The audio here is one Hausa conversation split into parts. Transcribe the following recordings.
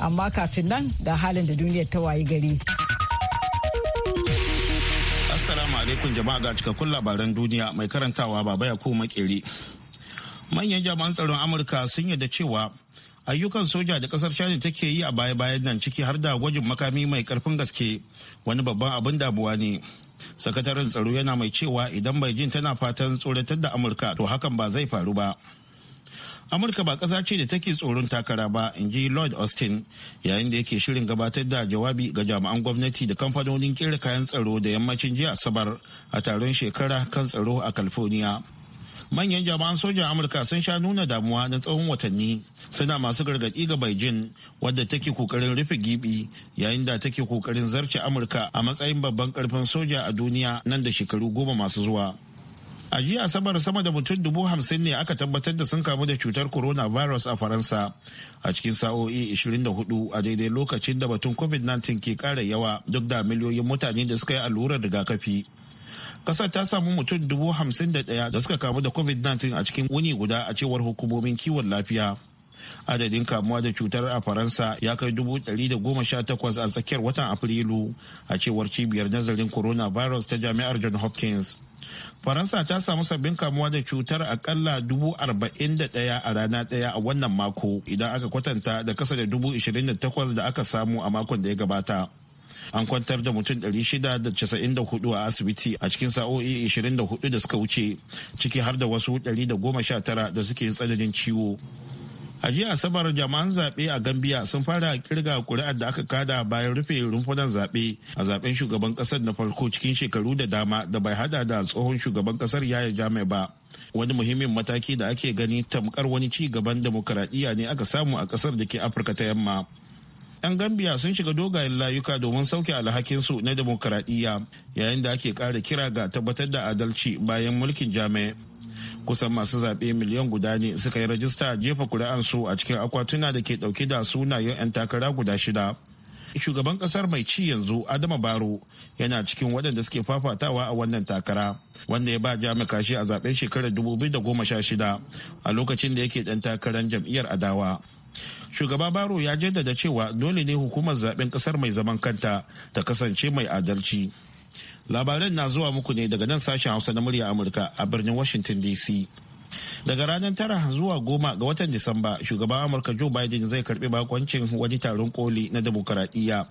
amma kafin nan ga halin da duniyar ta wayi gari. Assalamu alaikum jama'a ga cikakkun labaran duniya mai karantawa baba ya kuma makeri. Manyan jami'an tsaron Amurka sun yarda cewa ayyukan soja da kasar China take yi a baya-bayan nan ciki har da gwajin makami mai karfin gaske wani babban abin dabuwa ne. Sakataren tsaro yana mai cewa idan Beijing tana fatan tsoratar da Amurka to hakan ba zai faru ba. amurka ba ƙasa ce da take tsoron takara ba in ji lloyd austin yayin da yake shirin gabatar da jawabi ga jami'an gwamnati da kamfanonin kera kayan tsaro da yammacin jiya asabar a taron shekara kan tsaro a california manyan jami'an sojan amurka sun sha nuna damuwa na tsawon watanni suna masu gargaɗi ga beijing wadda take kokarin rufe gibi yayin da take kokarin zarce amurka a matsayin babban karfin soja a duniya nan da shekaru goma masu zuwa a jiya asabar sama da mutum dubu hamsin ne aka tabbatar da sun kamu da cutar corona virus a faransa a cikin sa'o'i 24 a daidai lokacin da batun covid-19 ke kara yawa duk da miliyoyin mutane da suka yi allurar rigakafi kasar ta samu mutum dubu hamsin da ɗaya da suka kamu da covid-19 a cikin wuni guda a cewar hukumomin kiwon lafiya adadin kamuwa da cutar a faransa ya kai dubu ɗari da goma sha takwas a tsakiyar watan afrilu a cewar cibiyar nazarin coronavirus ta jami'ar john hopkins faransa ta samu sabbin kamuwa da cutar akalla dubu arba'in da ɗaya a rana daya a wannan mako idan aka kwatanta da kasa da dubu ishirin da takwas da aka samu a makon da ya gabata an kwantar da mutum 694 a asibiti a cikin sa'o'i 24 da suka wuce ciki har da wasu 119 da suke yin tsananin ciwo a jiya asabar jama'an zaɓe a gambia sun fara kirga kuri'ar da aka kada bayan rufe rumfunan zaɓe a zaɓen shugaban ƙasar na farko cikin shekaru da dama da bai hada da tsohon shugaban ƙasar yaya jami'a ba wani muhimmin mataki da ake gani tamkar wani ci gaban demokaradiyya ne aka samu a ƙasar da ke afirka ta yamma 'yan gambia sun shiga dogayen layuka domin sauke alhakinsu na demokaradiyya yayin da ake ƙara kira ga tabbatar da adalci bayan mulkin jami'a kusan masu zaɓe miliyan guda ne suka yi rajista jefa kuri'ansu a cikin akwatuna da ke ɗauke da sunayen 'yan takara guda shida shugaban ƙasar mai ci yanzu adama baro yana cikin waɗanda suke fafatawa a wannan takara wanda ya ba jami kashi a zaɓen shekarar dubu biyu da goma sha shida a lokacin da yake ɗan takarar jam'iyyar adawa shugaba baro ya jaddada cewa dole ne hukumar zaɓen ƙasar mai zaman kanta ta kasance mai adalci labaran na zuwa muku ne daga nan sashen hausa na murya amurka a birnin washington dc daga ranar tara zuwa goma ga watan disamba shugaban amurka joe biden zai karbi bakoncin wani taron koli na demokaradiyya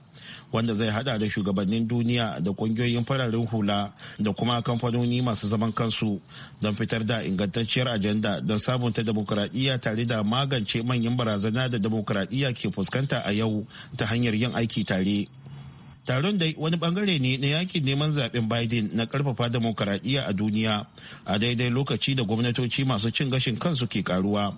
wanda zai hada da shugabannin duniya da kungiyoyin fararen hula da kuma kamfanoni masu zaman kansu don fitar da ingantacciyar ajanda don sabunta demokaradiyya tare da magance manyan barazana da demokaradiyya ke fuskanta a yau ta hanyar yin aiki tare taron da wani bangare ne na yakin neman zaben biden na karfafa demokaradiyya a duniya a daidai lokaci da gwamnatoci masu cin gashin kansu ke karuwa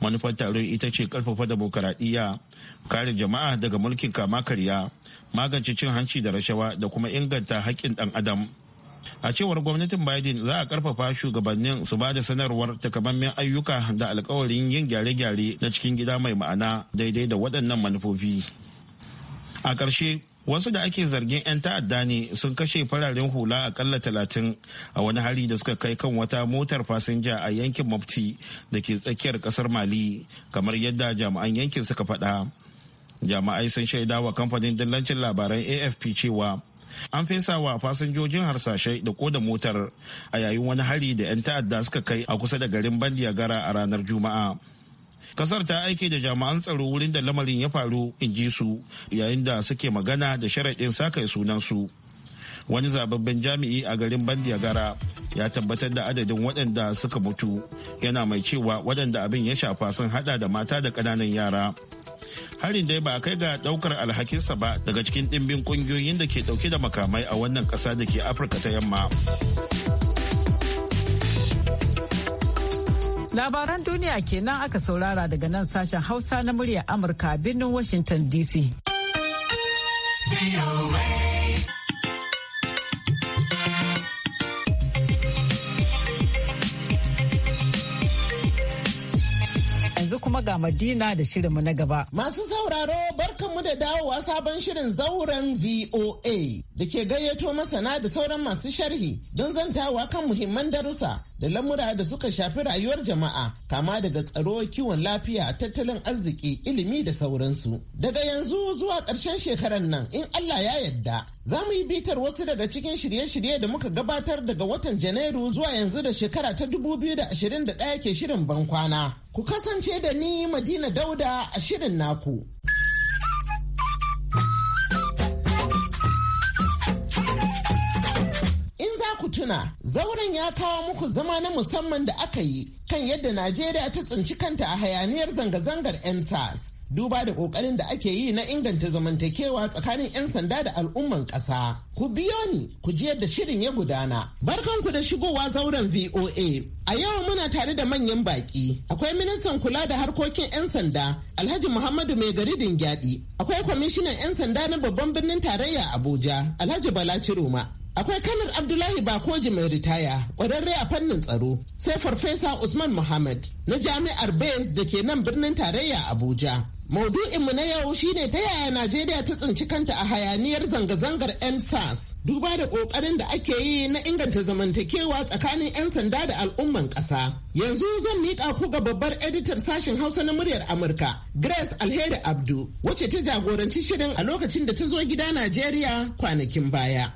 manufar taron ita ce karfafa demokaradiyya kare jama'a daga mulkin kama karya magance cin hanci da rashawa da kuma inganta haƙƙin ɗan adam a cewar gwamnatin biden za a karfafa shugabannin su ba da sanarwar takamaiman ayyuka da alkawarin yin gyare-gyare na cikin gida mai ma'ana daidai da waɗannan manufofi a ƙarshe wasu da ake zargin 'yan ta'adda ne sun kashe fararen hula akalla talatin a wani hari da suka kai kan wata motar fasinja a yankin mafti da ke tsakiyar kasar mali kamar yadda jami'an yankin suka faɗa jami'ai sun shaida wa kamfanin dillancin labaran afp cewa an fesa wa fasinjojin harsashai da koda motar a yayin wani hari da 'yan ta'adda suka kai a kusa da garin bandiya gara a ranar juma'a kasar ta aike da jami'an tsaro wurin da lamarin ya faru in ji su yayin da suke magana da sharaɗin saka sunan su wani zababben jami'i a garin bandiagara ya tabbatar da adadin waɗanda suka mutu yana mai cewa waɗanda abin ya shafa sun hada da mata da ƙananan yara harin dai ba a kai ga ɗaukar alhakinsa ba daga cikin ɗimbin ƙungiyoyin da ke ɗauke da makamai a wannan ƙasa da ke afirka ta yamma Labaran duniya kenan aka saurara daga nan sashen Hausa na muryar Amurka a birnin Washington DC. Yanzu kuma ga Madina da shirinmu na gaba. Masu sauraro barkanmu da dawowa sabon shirin zauren VOA da ke gayyato masana da sauran masu sharhi don zantawa kan muhimman darussa da lamura da suka shafi rayuwar jama'a kama daga tsaro kiwon lafiya tattalin arziki ilimi da sauransu daga yanzu zuwa ƙarshen shekarar nan in allah ya yadda za mu yi bitar wasu daga cikin shirye-shirye da muka gabatar daga watan janairu zuwa yanzu da shekara ta 2021 ke shirin bankwana ku kasance da ni madina dauda a shirin naku. tituna. Zauren ya kawo muku zama na musamman da aka yi kan yadda Najeriya ta tsinci kanta a hayaniyar zanga-zangar 'yan sas. duba da kokarin da ake yi na inganta zamantakewa tsakanin 'yan sanda da al'umman ƙasa. Ku biyo ni ku ji yadda shirin ya gudana. Barkanku da shigowa zauren VOA. A yau muna tare da manyan baki. Akwai ministan kula da harkokin 'yan sanda Alhaji Muhammadu Mai Gari Dingyadi. Akwai kwamishinan 'yan sanda na babban birnin tarayya Abuja Alhaji Bala Ciroma. Akwai kanar Abdullahi Bakoji mai ritaya, ƙwararre a fannin tsaro, sai Farfesa Usman Muhammad na Jami'ar Bayes da ke nan birnin tarayya Abuja. Maudu'inmu na yau shine ta yaya Najeriya ta tsinci kanta a hayaniyar zanga-zangar 'yan sas duba da ƙoƙarin da ake yi na inganta zamantakewa tsakanin 'yan sanda da al'umman ƙasa. Yanzu zan miƙa ku ga babbar editar sashen Hausa na muryar Amurka, Grace Alheri Abdu, wacce ta jagoranci shirin a lokacin da ta zo gida Najeriya kwanakin baya.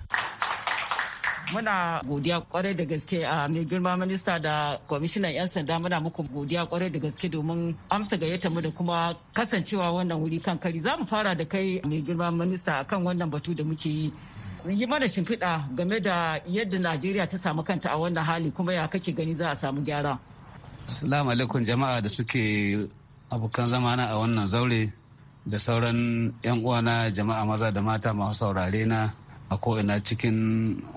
muna godiya kwarai da gaske a mai girma minista da kwamishinan 'yan sanda muna muku godiya kwarai da gaske domin amsa gayyata mu da kuma kasancewa wannan wuri kan kari za mu fara da kai mai girma minista akan wannan batu da muke yi yi mana shimfiɗa game da yadda najeriya ta samu kanta a wannan hali kuma ya kake gani za a samu gyara assalamu alaikum jama'a da suke abokan zamana a wannan zaure da sauran 'yan uwana jama'a maza da mata masu saurare na a ko'ina cikin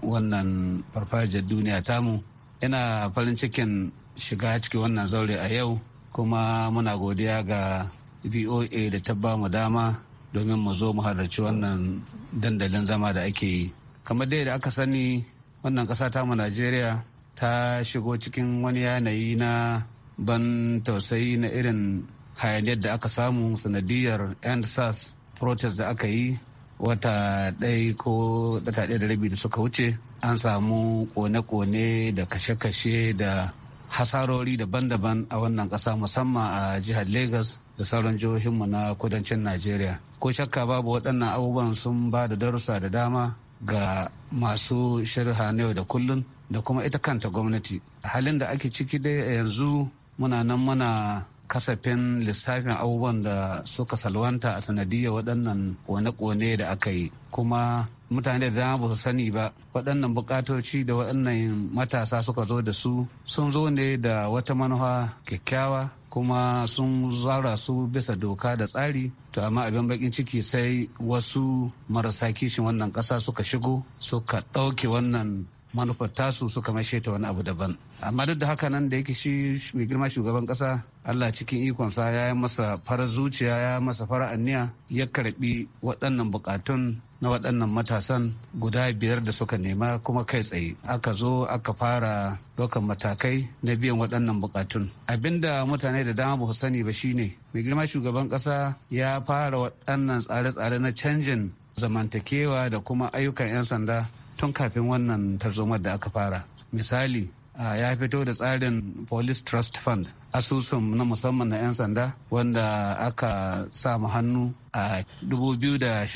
wannan farfajiyar duniya tamu yana farin cikin shiga cikin wannan zaure a yau kuma muna godiya ga voa da ta ba mu dama domin mu zo mu halarci wannan dandalin zama da ake yi kamar dai da aka sani wannan ƙasa tamu najeriya ta shigo cikin wani yanayi na ban tausayi na irin hayaniyar da aka samu sanadiyar end sars protest da aka yi wata ɗaya ko wata ɗaya da rabi da suka wuce an samu kone-kone da kashe-kashe da hasarori daban-daban a wannan ƙasa musamman a jihar lagos da sauran jihohinmu na kudancin najeriya ko shakka babu waɗannan abubuwan sun ba da darussa da dama ga masu shirha na yau da kullun da kuma ita kanta gwamnati halin da ake ciki dai yanzu muna nan muna kasafin lissafin abubuwan da suka salwanta a sanadiyar waɗannan kone-kone da aka yi kuma mutane da dama ba su sani ba waɗannan buƙatoci da waɗannan matasa suka zo da su sun zo ne da wata manufa kyakkyawa kuma sun zara su bisa doka da tsari to amma abin bakin ciki sai wasu marasa kishin wannan ƙasa suka shigo suka ɗauke wannan manufar tasu suka mai ta wani abu daban amma duk da haka nan da yake shi mai girma shugaban ƙasa. Allah cikin ikonsa ya yi masa farar zuciya ya masa farar anniya ya karbi waɗannan bukatun na waɗannan matasan guda biyar da suka nema kuma kai tsaye aka zo aka fara ɗaukan matakai na biyan waɗannan bukatun abinda mutane da dama ba sani ba shine mai girma shugaban ƙasa ya fara waɗannan tsare-tsare na canjin zamantakewa da kuma ayyukan 'yan sanda tun kafin wannan tarzoma da aka fara misali ya fito da tsarin police trust fund asusun na musamman na 'yan sanda wanda aka samu hannu a 2019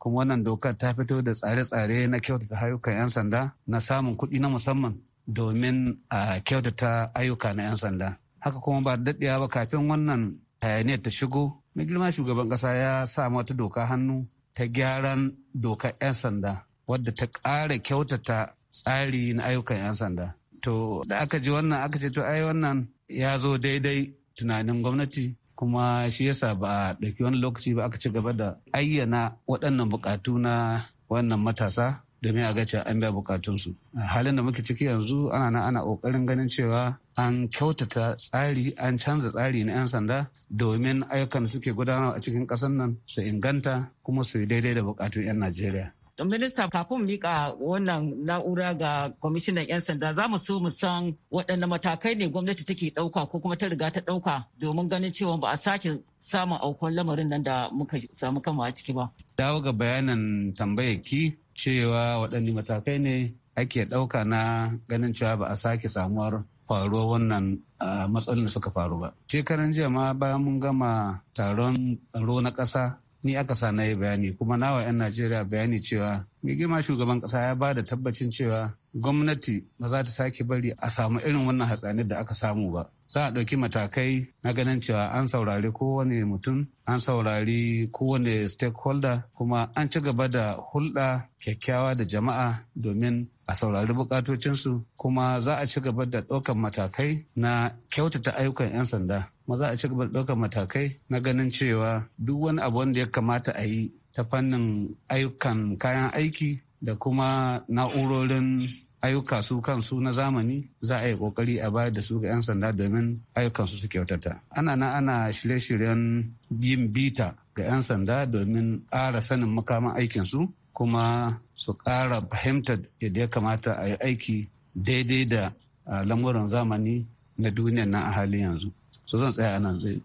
kuma wannan dokar ta fito da tsare-tsare na kyautata ayyukan 'yan sanda na samun kuɗi na musamman domin a kyautata ayyuka na 'yan sanda haka kuma ba daɗewa ba kafin wannan hayaniyar ta shigo mai girma shugaban ƙasa ya samu wata doka hannu ta gyaran dokar 'yan sanda wadda ta ƙara kyautata tsari na ayyukan 'yan sanda to da aka ji wannan aka ce to ai wannan ya zo daidai tunanin gwamnati kuma shi yasa ba a ɗauki wani lokaci ba aka ci gaba da ayyana waɗannan buƙatu na wannan matasa domin a gace an biya buƙatunsu. halin da muke ciki yanzu ana nan ana kokarin ganin cewa an kyautata tsari an canza tsari na 'yan sanda domin ayyukan da suke gudanarwa a cikin ƙasar nan su inganta kuma su yi daidai da buƙatun 'yan najeriya don minista kafin mika wannan na'ura ga kwamishinan 'yan sanda za mu so mu san waɗanne matakai ne gwamnati take ɗauka ko kuma ta riga ta ɗauka domin ganin cewa ba a sake samun aukon lamarin nan da muka samu kama a ciki ba. Dawo ga bayanan tambayar ki cewa waɗanne matakai ne ake ɗauka na ganin cewa ba a sake samuwar faruwar wannan matsalolin da suka faru ba. Shekaran jiya ma bayan mun gama taron tsaro na ƙasa ni aka sa na yi bayani kuma nawa 'yan najeriya bayani cewa mai shugaban kasa ya ba da tabbacin cewa gwamnati ba za ta sake bari a samu irin wannan hatsanin da aka samu ba za a ɗauki matakai na ganin cewa an saurari kowane mutum an saurari kowane stakeholder kuma an ci gaba da hulɗa kyakkyawa da jama'a domin a saurari bukatocinsu kuma za a ci gaba da ɗaukan matakai na kyautata ayyukan 'yan sanda kuma za a ci gaba ɗaukar matakai na ganin cewa duk wani abu wanda ya kamata a yi ta fannin ayyukan kayan aiki da kuma na'urorin ayyuka su kansu na zamani za a yi kokari a bayar da su ga 'yan sanda domin ayyukansu su kyautata ana na ana shirye-shiryen yin bita ga 'yan sanda domin ƙara sanin makaman aikin su kuma su ƙara fahimtar yadda ya kamata a yi aiki daidai da lamuran zamani na duniya na a halin yanzu so zan tsaya nan zai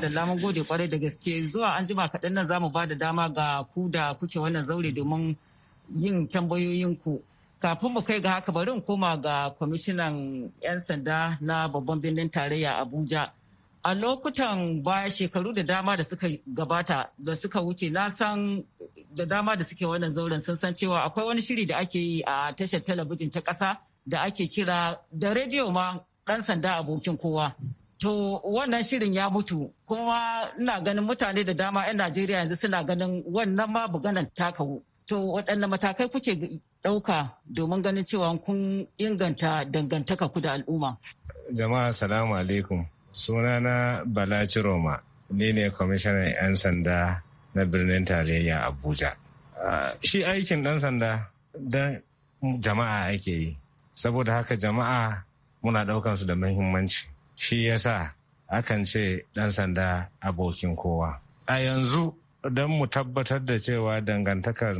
da lamun gode kwarai da gaske zuwa an jima kaɗan nan zamu mu ba da dama ga ku da kuke wannan zaure domin yin tambayoyinku kafin mu kai ga haka bari in koma ga kwamishinan 'yan sanda na babban birnin tarayya abuja a lokutan baya shekaru da dama da suka gabata da suka wuce na san da dama da suke wannan zauren sun san cewa akwai wani shiri da ake yi a tashar talabijin ta ƙasa da ake kira da rediyo ma ɗan sanda abokin kowa. To wannan shirin ya mutu kuma ina ganin mutane da dama 'yan Najeriya yanzu suna ganin wannan ma buganan ta kawo. To waɗanne matakai kuke ɗauka domin ganin cewa kun inganta dangantaka ku da al'umma. Jama'a salamu alaikum. Sunana Bala Ciroma ni ne kwamishinan 'yan sanda na birnin tarayya Abuja. Shi aikin ɗan sanda don jama'a ake yi. Saboda haka jama'a muna ɗaukan su da muhimmanci shi yasa akan ce ɗan sanda abokin kowa a yanzu don mu tabbatar da cewa dangantakar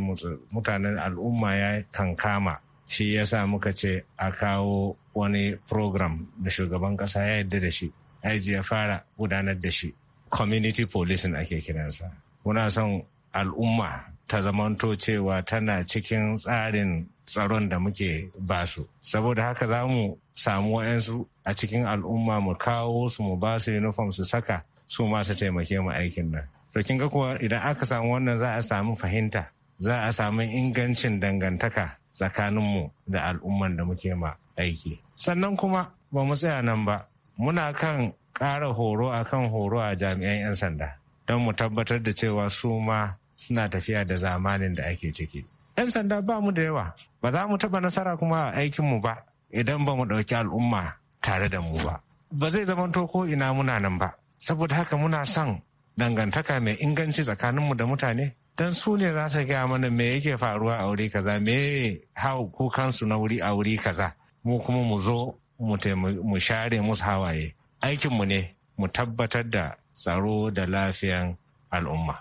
mutanen al'umma ya kankama shi yasa muka ce a kawo wani program da shugaban ƙasa ya yadda da shi aiji ya fara gudanar da shi community policing ake kiransa muna son al'umma ta zamanto cewa tana cikin tsarin tsaron da muke basu saboda haka za mu samu wa'yansu a cikin al'umma mu kawo su mu ba su uniform su saka su ma su taimake mu aikin nan to kin ga kuwa idan aka samu wannan za a samu fahimta za a samu ingancin dangantaka tsakanin mu da al'umman da muke ma aiki sannan kuma ba mu tsaya nan ba muna kan ƙara horo a kan horo a jami'an 'yan sanda don mu tabbatar da cewa su ma suna tafiya da zamanin da ake ciki 'yan sanda ba mu da yawa ba za mu taɓa nasara kuma a aikinmu ba idan ba mu ɗauki al'umma tare da mu ba ba zai zamanto ko ina muna nan ba saboda haka muna son dangantaka mai inganci tsakaninmu da mutane dan su ne za su gaya mana me yake faruwa a wuri kaza me hau kukansu na wuri a wuri kaza mu kuma mu zo mu share musu hawaye aikinmu ne mu tabbatar da tsaro da lafiyan al'umma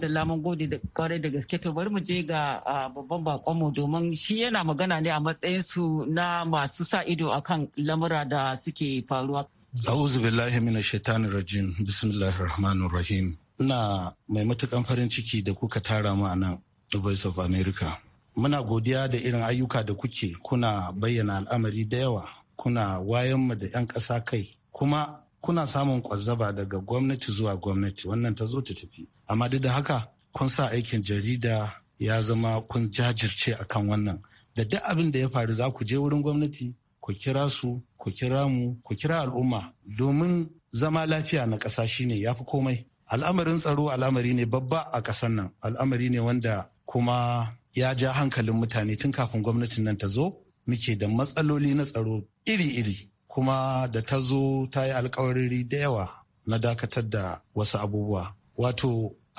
da laman gode da kwarai da gaske to bari mu je ga babban bakonmu domin shi yana magana ne a matsayin su na masu sa ido a kan lamura da suke faruwa. A'udhu billahi minash shaitanir rajim. Bismillahir rahmanir rahim. Ina mai matukan farin ciki da kuka tara mu a nan Voice of America. Muna godiya da irin ayyuka da kuke kuna bayyana al'amari da yawa kuna wayan mu da 'yan ƙasa kai kuma kuna samun kwazzaba daga gwamnati zuwa gwamnati wannan ta zo ta tafi amma duk da haka kun sa aikin jarida ya zama kun jajirce akan wannan da duk abin da ya faru za ku je wurin gwamnati ku kira su ku kira mu ku kira al'umma domin zama lafiya na ƙasa shine ya fi komai al'amarin tsaro al'amari ne babba a ƙasar nan al'amari ne wanda kuma ya ja hankalin mutane tun kafin gwamnatin nan ta zo muke da matsaloli na tsaro iri-iri kuma da ta zo ta yi alkawariri da yawa na dakatar da wasu abubuwa wato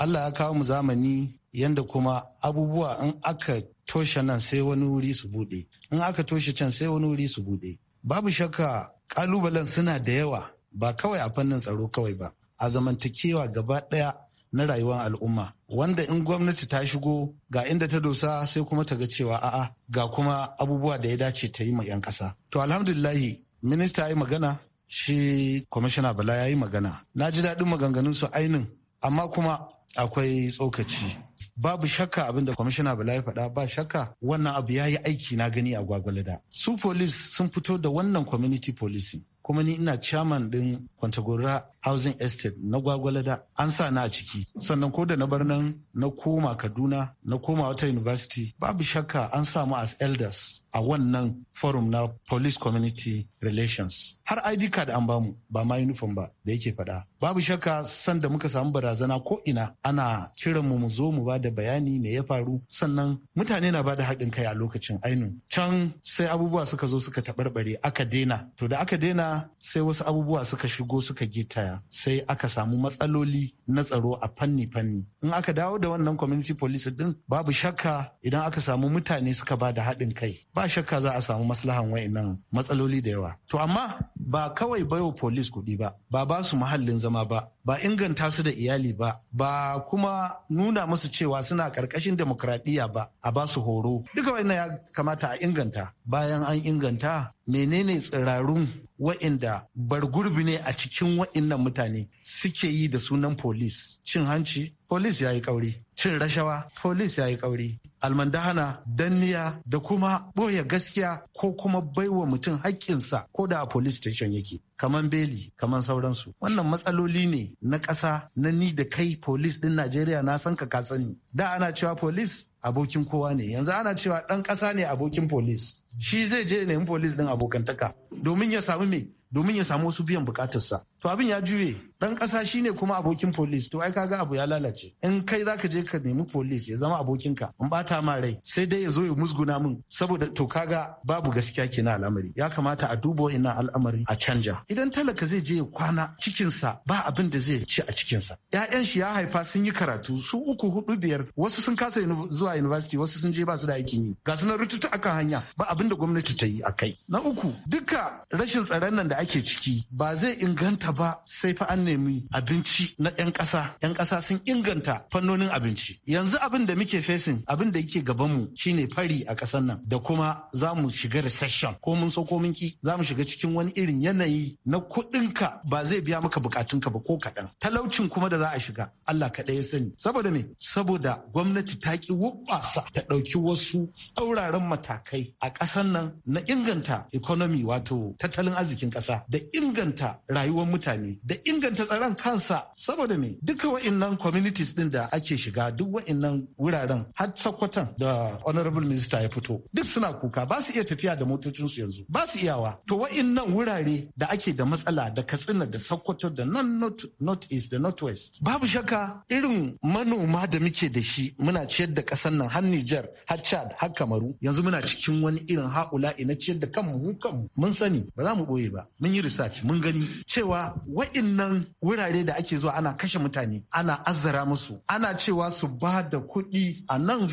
allah ya kawo mu zamani yanda kuma abubuwa in aka toshe nan sai wani wuri su bude in aka toshe can sai wani wuri su bude babu shakka kalubalen suna da yawa ba kawai a fannin tsaro kawai ba a zamantakewa gaba ɗaya na rayuwar al'umma wanda in gwamnati ta shigo ga inda ta dosa sai kuma ta ga cewa a'a ga kuma abubuwa da ya dace ta yi ma 'yan ƙasa. To alhamdulillahi minista ya yi magana shi kwamishina bala ya yi magana na ji daɗin maganganun su ainin amma kuma akwai tsokaci babu shakka abin da kwamishina bala ya faɗa ba shakka wannan abu ya yi aiki na gani a gwagwalada su police sun fito da wannan community policing kuma ni ina chairman din Kwantagora Housing Estate na Gwagwalada an sa na a ciki. Sannan ko da na bar nan na koma Kaduna na koma wata university babu shakka an samu as elders a wannan forum na police community relations har id card an bamu ba ma uniform ba da yake faɗa babu shakka sanda muka samu barazana ko ina ana kiran mu mu zo mu ba da bayani me ya faru sannan mutane na bada haɗin kai a lokacin ainu can sai abubuwa suka zo suka taɓarɓare aka daina to da aka daina sai wasu abubuwa suka shigo suka gitaya sai aka samu matsaloli na tsaro a fanni fanni in aka dawo da wannan community police din babu shakka idan aka samu mutane suka ba da haɗin kai ba shakka za a samu maslahan wa'annan matsaloli da yawa to amma ba kawai baiwa police kuɗi ba ba ba su muhallin zama ba ba inganta su da iyali ba ba kuma nuna musu cewa suna ƙarƙashin demokradiyya ba a ba su horo duka wannan ya kamata a inganta bayan an inganta menene tsirarun wa'inda bargurbi ne a cikin wa'innan mutane suke yi da sunan polis cin hanci polis ya yi ƙauri. cin rashawa polis ya yi kauri almandahana danniya da kuma boye gaskiya ko kuma baiwa mutum haƙƙinsa ko da a police station yake kaman beli kaman sauransu wannan matsaloli ne na ƙasa na ni da kai police ɗin najeriya na san ka sani da ana cewa police abokin kowa ne yanzu ana cewa ɗan ƙasa ne abokin police shi zai je nemi police din abokantaka domin ya samu me domin ya samu wasu biyan bukatarsa to abin ya juye dan kasa shine kuma abokin police to ai kaga abu ya lalace in kai zaka je ka nemi police ya zama abokinka in bata ma rai sai dai ya zo ya musguna min saboda to kaga babu gaskiya ke na al'amari ya kamata a duba ina al'amari a canja idan talaka zai je ya kwana cikinsa ba abin da zai ci a cikinsa ƴaƴan shi ya haifa sun yi karatu su uku hudu biyar wasu sun kasa zuwa university wasu sun je ba su da aikin yi ga sunan rututu akan hanya ba abin da gwamnati ta yi akai na uku duka rashin tsaron nan da ake ciki ba zai inganta gaba sai fa an nemi abinci na 'yan ƙasa 'yan ƙasa sun inganta fannonin abinci yanzu abin da muke fesin abin da yake gaban mu shine fari a ƙasar nan da kuma za mu shiga recession ko mun so ko mun ki za mu shiga cikin wani irin yanayi na kuɗinka ba zai biya maka bukatunka ba ko kaɗan talaucin kuma da za a shiga Allah kaɗai ya sani saboda me saboda gwamnati ta ki wubasa ta ɗauki wasu tsauraran matakai a ƙasar nan na inganta economy wato tattalin arzikin ƙasa da inganta rayuwar mutane mutane da inganta tsaron kansa saboda me duka wa'annan communities din da ake shiga duk wa'annan wuraren har sakwatan da honorable minister ya fito duk suna kuka ba su iya tafiya da motocinsu yanzu ba su iyawa to wa'annan wurare da ake da matsala da katsina da sakkwato da nan north east da north west babu shakka irin manoma da muke da shi muna ciyar da kasan nan har Niger har Chad har Kamaru yanzu muna cikin wani irin haula ina ciyar da kanmu mu kanmu mun sani ba za mu boye ba mun yi research mun gani cewa wa'innan wurare da ake zuwa ana kashe mutane ana azzara musu ana cewa su ba da kuɗi a nan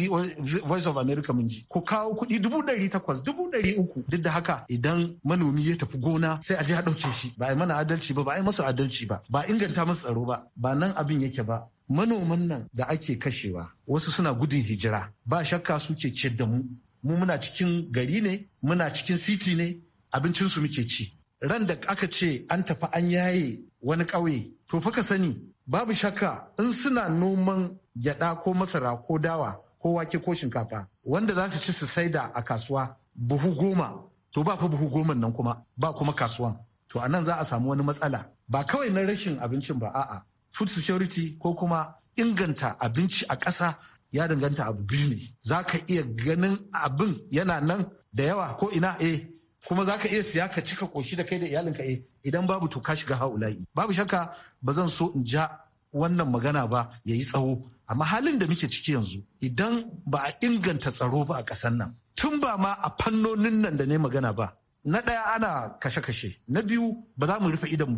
voice of america mun ji ku kawo kuɗi dubu ɗari takwas dubu ɗari uku duk da haka idan manomi ya tafi gona sai a je a ɗauke shi ba a yi mana adalci ba ba a yi masu adalci ba ba inganta masu tsaro ba ba nan abin yake ba manoman nan da ake kashewa wasu suna gudun hijira ba shakka suke ciyar da mu mu muna cikin gari ne muna cikin siti ne abincinsu muke ci ran da aka ce an tafi an yaye wani ƙauye to fa ka sani babu shakka in suna noman gyada ko masara ko dawa ko wake ko shinkafa wanda za su ci su saida a kasuwa buhu goma to ba fa buhu goma nan kuma ba kuma kasuwan to a nan za a samu wani matsala ba kawai na rashin abincin ba a'a food security ko kuma inganta abinci a ƙasa ya danganta abu biyu ne za ka iya ganin abin yana nan da yawa ko ina eh kuma za ka iya siya ka cika koshi da kai da iyalin ka eh, idan babu to ka shiga haula'i babu shakka ba zan so in ja wannan magana ba ya yi tsawo amma halin da muke ciki yanzu idan ba a inganta tsaro ba a ƙasar nan tun ba ma a fannonin nan da ne magana ba na ɗaya ana kashe-kashe na biyu ba za mu rufe idan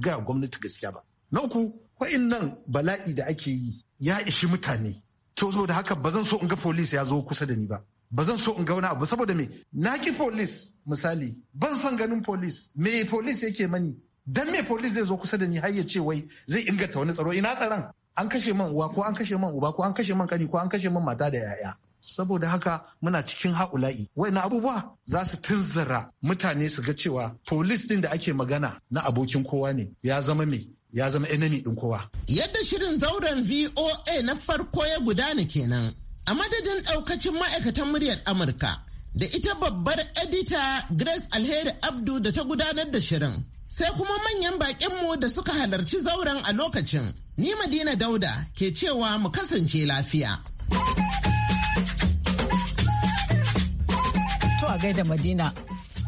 gaya gwamnati gaskiya ba na uku nan bala'i da ake yi ya ishi mutane to saboda haka ba zan so in ga polis ya zo kusa da ni ba ba zan so in ga wani abu saboda me na ki polis misali ban san ganin polis me polis yake mani dan me polis zai zo kusa da ni har ya ce wai zai inganta wani tsaro ina tsaron an kashe man uwa ko an kashe man uba ko an kashe man kani ko an kashe man mata da yaya saboda haka muna cikin haula'i na abubuwa za su tunzara mutane su ga cewa polis din da ake magana na abokin kowa ne ya zama me ya zama enemy din kowa yadda shirin zauren voa na farko ya gudana kenan a madadin daukacin ma'aikatan muryar amurka da ita babbar edita grace alheri abdu da ta gudanar da shirin sai kuma manyan baƙinmu da suka halarci zauren a lokacin ni madina dauda ke cewa mu kasance lafiya to a gaida madina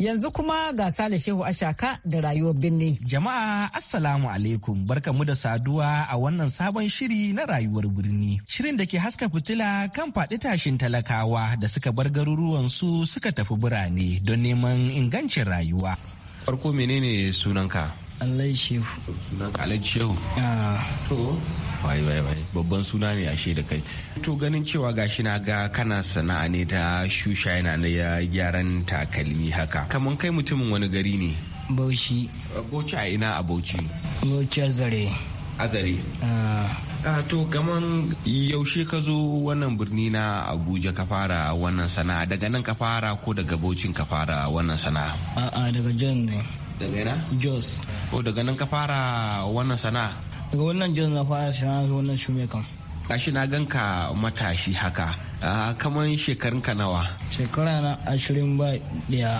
Yanzu kuma ga Sale Shehu Ashaka da rayuwar birni. Jama'a Assalamu alaikum barkamu da saduwa a wannan sabon shiri na rayuwar birni. Shirin da ke haska fitila kan faɗi tashin talakawa da suka bar garuruwan su suka tafi birane don neman ingancin rayuwa. Farko menene sunanka? Alai Shehu. Sunan Alai Shehu. Ah. To, wai wai wai babban suna ne ashe da kai. To ganin cewa gashi na ga kana sana'a ne ta shusha yana na gyaran takalmi haka. Kamar kai mutumin wani gari ne? Bauchi. Bauchi a ina a Bauchi? Bauchi a zare. A zare. a ah. ah, to kamar yaushe ka zo wannan birni na abuja ka fara wannan sana'a daga nan ka fara ko daga bauchin ka fara wannan sana'a a'a daga jan ne daga yana jos ko oh, daga nan ka fara wannan sana'a daga wannan jos na fara sana'a wannan shume kan. gashi na gan ka matashi haka ah, kaman shekarun ka nawa shekara na ashirin ba daya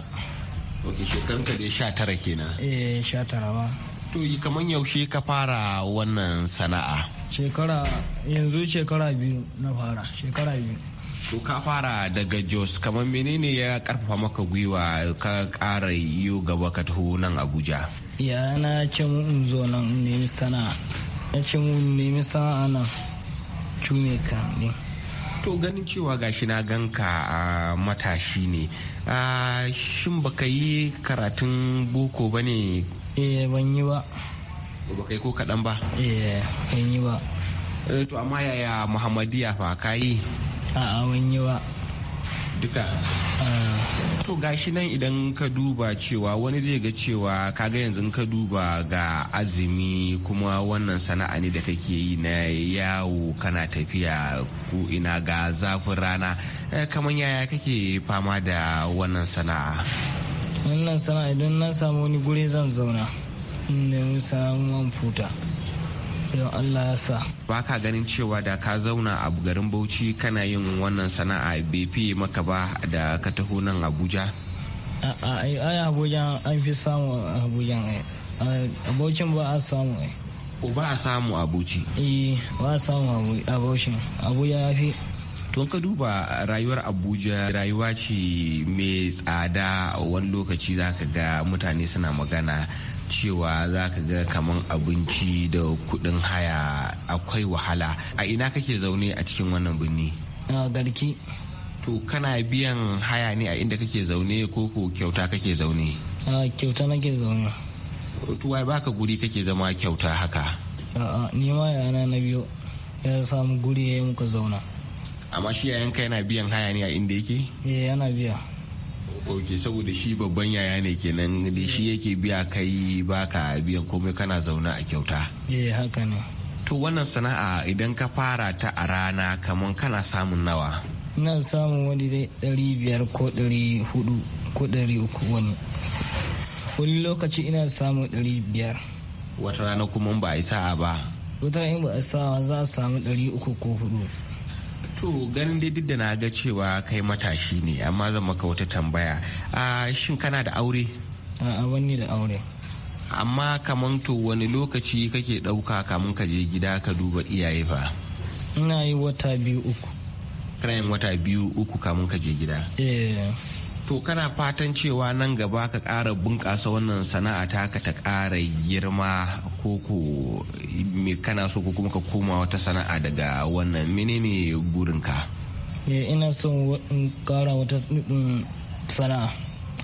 ok shekarun ka dai sha tara kenan eh sha tara ba to kamar yaushe ka fara wannan sana'a shekara yanzu shekara biyu na fara shekara biyu to ka fara daga jos kamar menene ya karfafa maka gwiwa ka kara yiwu gaba ka taho nan abuja ya na ce mu in zo nan in nemi sana'a na ce mu in nemi sana'a nan cume ka ne to ganin cewa gashi na ganka a matashi ne shin baka yi karatun boko ba ne eh ban yi ba ba kai ko kaɗan ba eh ban yi ba eh, to amma yaya muhammadiya fa ka yi A'a wani ba. Duka. To gashi nan idan ka duba cewa wani zai ga cewa kaga yanzu ka duba ga azumi kuma wannan sana'a ne da kake yi na yawo kana tafiya ko ina ga zafin rana eh, kamar yaya kake fama da wannan sana'a. Wannan sana'a idan na samu wani guri zan zauna. ne samu man futa. yau Allah ya sa. Ba ka ganin cewa da ka zauna a garin Bauchi kana yin wannan sana'a bai fiye maka ba da ka taho nan Abuja? A ai Abuja an fi samu Abuja a Bauchi ba a samu ai. O ba a samu Abuchi? Eh, ba a samu Abuchi. Abuja ya fi. Tun ka duba rayuwar Abuja rayuwa ce mai tsada wani lokaci za ka ga mutane suna magana cewa za ka ga kaman abinci da kuɗin haya akwai wahala a ina kake zaune a cikin wannan birni garki to kana biyan haya ne a inda kake zaune ko ko kyauta kake zaune kyauta nake zaune to wai baka guri kake zama kyauta haka a'a ni ma yana na biyo ya samu guri ya yi muka zauna amma shi yayan ka yana biyan haya ne a inda yake eh, yana biya ok saboda shi babban yaya ne kenan da shi yake biya kai baka biyan komai kana zaune a kyauta eh haka ne to wannan sana'a idan ka fara ta a rana kamar kana samun nawa ina samun wani dai ɗari biyar ko ɗari hudu ko ɗari uku wani wani lokaci ina samun ɗari biyar wata rana kuma ba a yi sa'a ba wata rana ba a sa'a za a samu ɗari uku ko hudu to ganin daidai duk da na ga cewa kai matashi ne amma zan maka wata tambaya a shin kana da aure a wani da aure amma kamar to wani lokaci kake ɗauka kamun ka je gida ka duba iyaye fa ina yi wata biyu uku kana yin wata biyu uku kamun ka je gida eh. to kana fatan cewa nan gaba ka ƙara bunƙasa wannan sana'a ta ka ta ƙara girma ko ku kana so ko kuma ka koma wata sana'a daga wannan menene burinka eh, ina son in kara wata mm, sana'a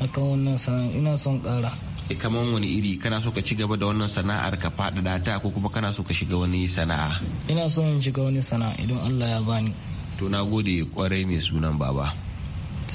akan wannan sana'a ina son kara eh, kamar wani iri kana so ka ci gaba da wannan sana'ar ka faɗaɗa ta ko kuma kana so ka shiga wani sana'a ina son in shiga wani sana'a idan allah ya bani to na gode kwarai mai sunan baba